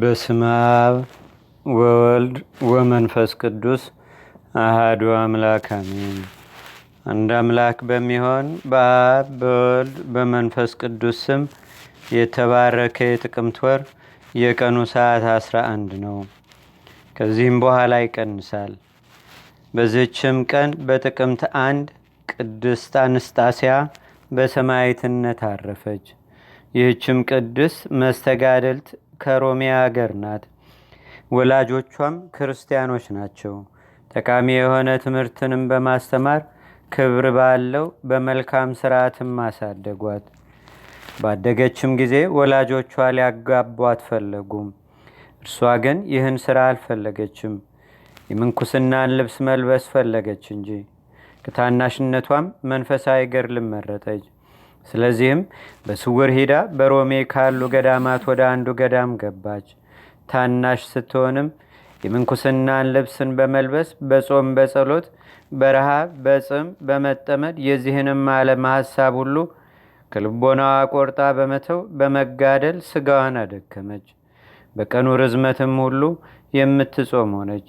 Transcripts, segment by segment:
በስመ አብ ወወልድ ወመንፈስ ቅዱስ አህዱ አምላክ አሜን። አንድ አምላክ በሚሆን በአብ በወልድ በመንፈስ ቅዱስ ስም የተባረከ የጥቅምት ወር የቀኑ ሰዓት 11 ነው። ከዚህም በኋላ ይቀንሳል። በዝችም ቀን በጥቅምት አንድ ቅድስት አንስጣሲያ በሰማይትነት አረፈች። ይህችም ቅድስ መስተጋደልት ከሮሚያ አገር ናት። ወላጆቿም ክርስቲያኖች ናቸው። ጠቃሚ የሆነ ትምህርትንም በማስተማር ክብር ባለው በመልካም ስርዓትም አሳደጓት። ባደገችም ጊዜ ወላጆቿ ሊያጋቧት ፈለጉም። እርሷ ግን ይህን ስራ አልፈለገችም። የምንኩስናን ልብስ መልበስ ፈለገች እንጂ ከታናሽነቷም መንፈሳዊ ገር ልመረጠች ስለዚህም በስውር ሂዳ በሮሜ ካሉ ገዳማት ወደ አንዱ ገዳም ገባች። ታናሽ ስትሆንም የምንኩስናን ልብስን በመልበስ በጾም፣ በጸሎት፣ በረሃብ፣ በጽም፣ በመጠመድ የዚህንም አለም ሐሳብ ሁሉ ከልቦናዋ ቆርጣ በመተው በመጋደል ስጋዋን አደከመች። በቀኑ ርዝመትም ሁሉ የምትጾም ሆነች።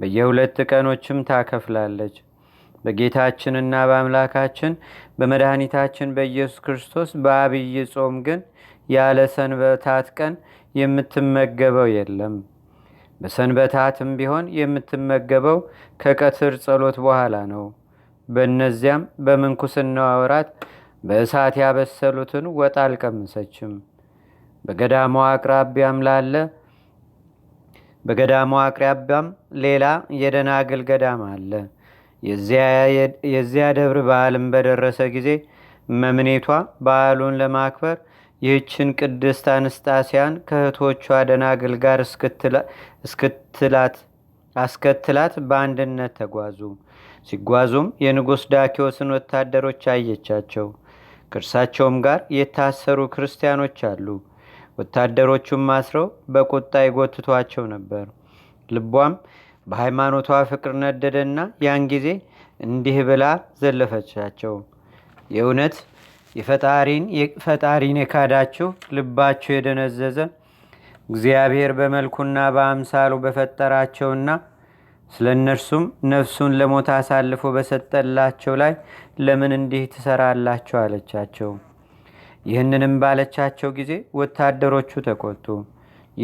በየሁለት ቀኖችም ታከፍላለች። በጌታችንና በአምላካችን በመድኃኒታችን በኢየሱስ ክርስቶስ በአብይ ጾም ግን ያለ ሰንበታት ቀን የምትመገበው የለም። በሰንበታትም ቢሆን የምትመገበው ከቀትር ጸሎት በኋላ ነው። በእነዚያም በምንኩስና ወራት በእሳት ያበሰሉትን ወጥ አልቀምሰችም። በገዳሟ አቅራቢያም ላለ አቅራቢያም ሌላ የደናግል ገዳም አለ። የዚያ ደብር በዓልም በደረሰ ጊዜ መምኔቷ በዓሉን ለማክበር ይህችን ቅድስት አንስጣሲያን ከእህቶቿ ደናግል ጋር እስክትላት አስከትላት በአንድነት ተጓዙ። ሲጓዙም የንጉሥ ዳኪዎስን ወታደሮች አየቻቸው። ከእርሳቸውም ጋር የታሰሩ ክርስቲያኖች አሉ። ወታደሮቹም አስረው በቁጣ ይጎትቷቸው ነበር። ልቧም በሃይማኖቷ ፍቅር ነደደና ያን ጊዜ እንዲህ ብላ ዘለፈቻቸው። የእውነት ፈጣሪን የካዳችሁ ልባችሁ የደነዘዘ እግዚአብሔር በመልኩና በአምሳሉ በፈጠራቸውና ስለ እነርሱም ነፍሱን ለሞት አሳልፎ በሰጠላቸው ላይ ለምን እንዲህ ትሰራላቸው? አለቻቸው። ይህንንም ባለቻቸው ጊዜ ወታደሮቹ ተቆጡ።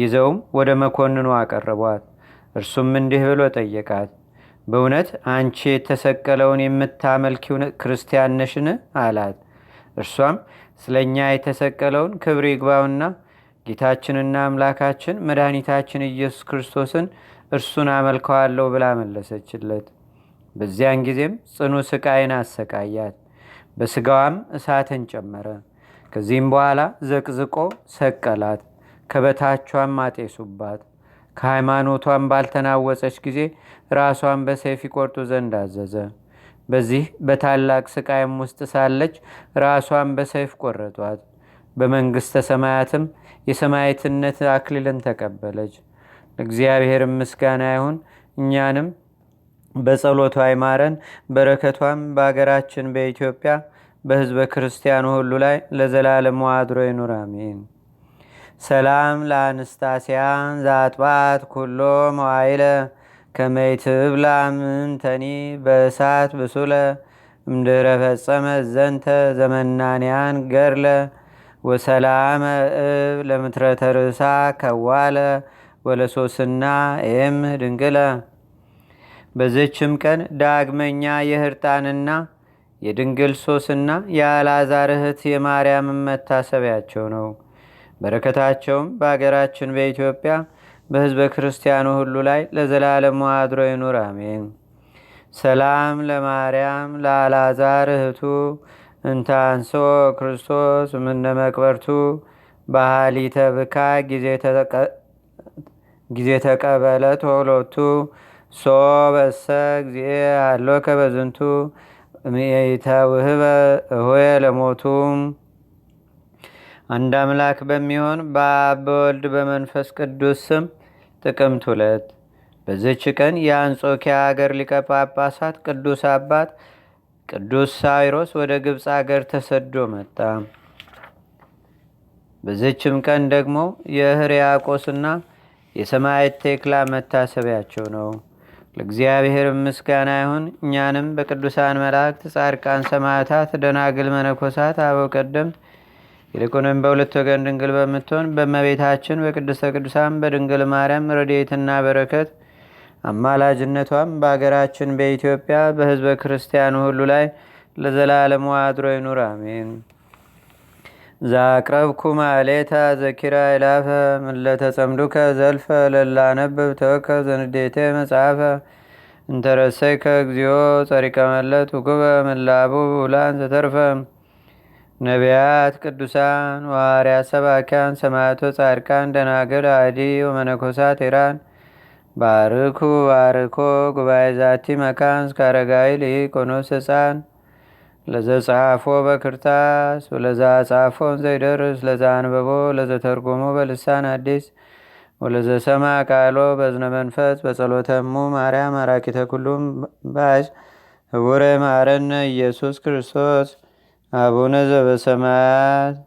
ይዘውም ወደ መኮንኑ አቀረቧት። እርሱም እንዲህ ብሎ ጠየቃት በእውነት አንቺ የተሰቀለውን የምታመልኪው ክርስቲያን ነሽን አላት እርሷም ስለ እኛ የተሰቀለውን ክብር ይግባውና ጌታችንና አምላካችን መድኃኒታችን ኢየሱስ ክርስቶስን እርሱን አመልከዋለሁ ብላ መለሰችለት በዚያን ጊዜም ጽኑ ስቃይን አሰቃያት በስጋዋም እሳትን ጨመረ ከዚህም በኋላ ዘቅዝቆ ሰቀላት ከበታቿም አጤሱባት ከሃይማኖቷን ባልተናወፀች ጊዜ ራሷን በሰይፍ ይቆርጡ ዘንድ አዘዘ። በዚህ በታላቅ ስቃይም ውስጥ ሳለች ራሷን በሰይፍ ቆረጧት። በመንግሥተ ሰማያትም የሰማይትነት አክሊልን ተቀበለች። እግዚአብሔር ምስጋና ይሁን። እኛንም በጸሎቷ ይማረን። በረከቷም በአገራችን በኢትዮጵያ በህዝበ ክርስቲያኑ ሁሉ ላይ ለዘላለም አድሮ ይኑር፣ አሜን። ሰላም ለአንስታስያን ዛጥባት ኩሎ መዋይለ ከመይትብላ ምንተኒ በእሳት ብሱለ እምድረ ፈጸመ ዘንተ ዘመናንያን ገርለ ወሰላመ እብ ለምትረተ ርእሳ ከዋለ ወለሶስና ኤም ድንግለ በዝችም ቀን ዳግመኛ የህርጣንና የድንግል ሶስና የአልዓዛር እህት የማርያም መታሰቢያቸው ነው። በረከታቸውም በአገራችን በኢትዮጵያ በሕዝበ ክርስቲያኑ ሁሉ ላይ ለዘላለም አድሮ ይኑር፣ አሜን። ሰላም ለማርያም ለአልዓዛር እህቱ እንታንሶ ክርስቶስ ምነ መቅበርቱ ባህሊተ ብካ ጊዜ ተቀበለ ቶሎቱ ሶ በሰ ጊዜ አሎ ከበዝንቱ ሚተውህበ ውህበ እሆየ ለሞቱም አንድ አምላክ በሚሆን በአብ በወልድ በመንፈስ ቅዱስ ስም ጥቅምት ሁለት በዝች ቀን የአንጾኪያ አገር ሊቀ ጳጳሳት ቅዱስ አባት ቅዱስ ሳይሮስ ወደ ግብፅ አገር ተሰዶ መጣ። በዝችም ቀን ደግሞ የህርያቆስና የሰማየት ቴክላ መታሰቢያቸው ነው። ለእግዚአብሔር ምስጋና ይሁን። እኛንም በቅዱሳን መላእክት፣ ጻድቃን፣ ሰማዕታት፣ ደናግል፣ መነኮሳት፣ አበው ቀደምት ይልቁንም በሁለት ወገን ድንግል በምትሆን በመቤታችን በቅድስተ ቅዱሳን በድንግል ማርያም ረድኤትና በረከት አማላጅነቷም በአገራችን በኢትዮጵያ በህዝበ ክርስቲያኑ ሁሉ ላይ ለዘላለሙ አድሮ ይኑር፣ አሜን። ዛቅረብኩ ማሌታ ዘኪራ ይላፈ ምለተጸምዱከ ዘልፈ ለላነብብ ተወከ ዘንዴቴ መጽሐፈ እንተረሰይከ እግዚኦ ጸሪቀመለት ውኩበ ምላቡ ውላን ዘተርፈም ነቢያት፣ ቅዱሳን ዋርያ፣ ሰባኪያን፣ ሰማዕቶ፣ ጻድቃን፣ ደናገል አዲ ወመነኮሳት ኢራን ባርኩ ባርኮ ጉባኤ ዛቲ መካን እስከ አረጋዊ ሊቆኖስ ህፃን ለዘጻፎ በክርታስ ወለዛ ጻፎን ዘይደርስ ለዛ አንበቦ ለዘተርጎሞ በልሳን አዲስ ወለዘሰማ ቃሎ በዝነ መንፈስ በጸሎተሙ ማርያም አራቂተ ኩሉም ባሽ ህቡረ ማረነ ኢየሱስ ክርስቶስ عبون نزه